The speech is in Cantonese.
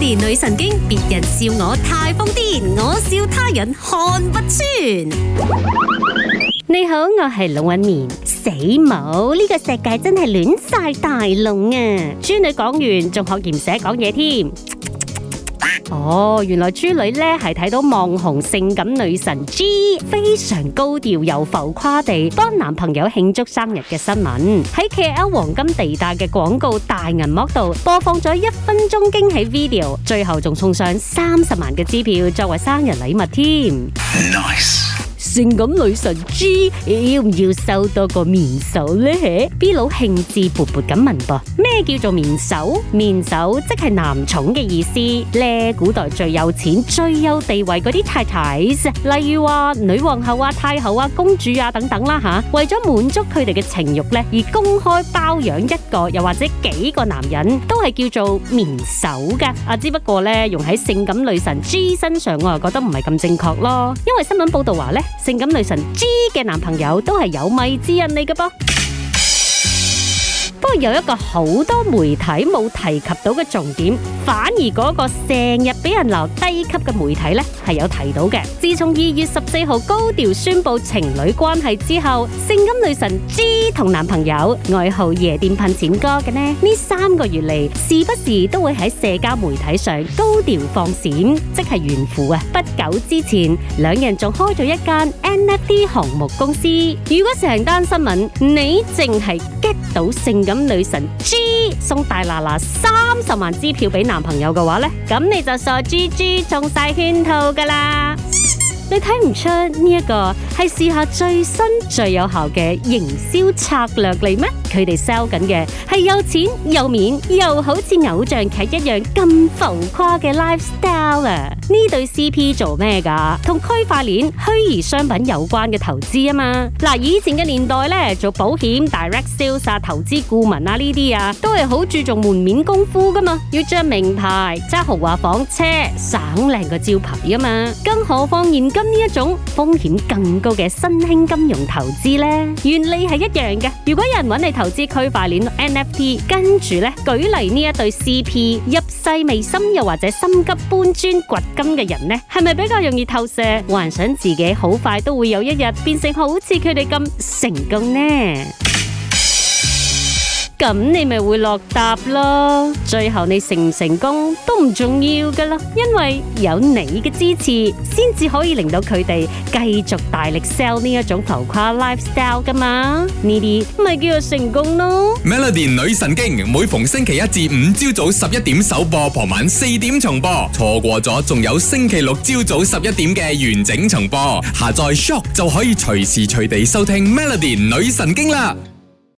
連女神經，別人笑我太瘋癲，我笑他人看不穿。你好，我係龍紋敏，死冇呢、這個世界真係亂晒大龍啊！豬女講完仲學嚴寫講嘢添。哦，原來豬女咧係睇到網紅性感女神 G 非常高調又浮誇地幫男朋友慶祝生日嘅新聞，喺 K L 黃金地帶嘅廣告大銀幕度播放咗一分鐘驚喜 video，最後仲送上三十萬嘅支票作為生日禮物添。Nice. 性感女神 G 要唔要收多個面首咧？B 佬興致勃勃咁問噃，咩叫做面首？面首即係男寵嘅意思咧。古代最有錢、最有地位嗰啲太太，例如話女皇后啊、太后啊、公主啊等等啦吓，為咗滿足佢哋嘅情欲咧，而公開包養一個又或者幾個男人，都係叫做面首噶。啊，只不過咧用喺性感女神 G 身上，我就覺得唔係咁正確咯，因為新聞報道話咧。性感女神 G 嘅男朋友都係有米之人嚟嘅噃。不過有一個好多媒體冇提及到嘅重點，反而嗰個成日俾人留低級嘅媒體呢，係有提到嘅。自從二月十四號高調宣布情侶關係之後，性感女神 G 同男朋友，外號夜店噴錢哥嘅呢，呢三個月嚟，時不時都會喺社交媒體上高調放閃，即係炫富啊！不久之前，兩人仲開咗一間 NFT 項目公司。如果成單新聞，你淨係一到性感女神 G 送大拿拿三十萬支票俾男朋友嘅話呢，咁你就傻豬豬中晒圈套㗎喇！你睇唔出呢一個係試下最新最有效嘅營銷策略嚟咩？佢哋 sell 緊嘅係有錢有面又好似偶像劇一樣咁浮誇嘅 lifestyle 啊！呢對 C P 做咩噶？同區塊鏈虛擬商品有關嘅投資啊嘛！嗱、啊，以前嘅年代咧做保險、direct sales、啊、投資顧問啊呢啲啊，都係好注重門面功夫噶嘛，要着名牌、揸豪華房車、省靚個招牌啊嘛！更何況現今呢一種風險更高嘅新興金融投資咧，原理係一樣嘅。如果有人搵你，投資區塊鏈 NFT，跟住咧，舉例呢一對 CP 入世未深又或者心急搬磚掘金嘅人咧，係咪比較容易投射幻想自己好快都會有一日變成好似佢哋咁成功呢？咁你咪會落疊咯，最後你成唔成功都唔重要噶啦，因為有你嘅支持，先至可以令到佢哋繼續大力 sell 呢一種浮誇 lifestyle 噶嘛，呢啲咪叫做成功咯。Melody 女神經每逢星期一至五朝早十一點首播，傍晚四點重播，錯過咗仲有星期六朝早十一點嘅完整重播，下載 SYOK 就可以隨時隨地收聽 Melody 女神經啦。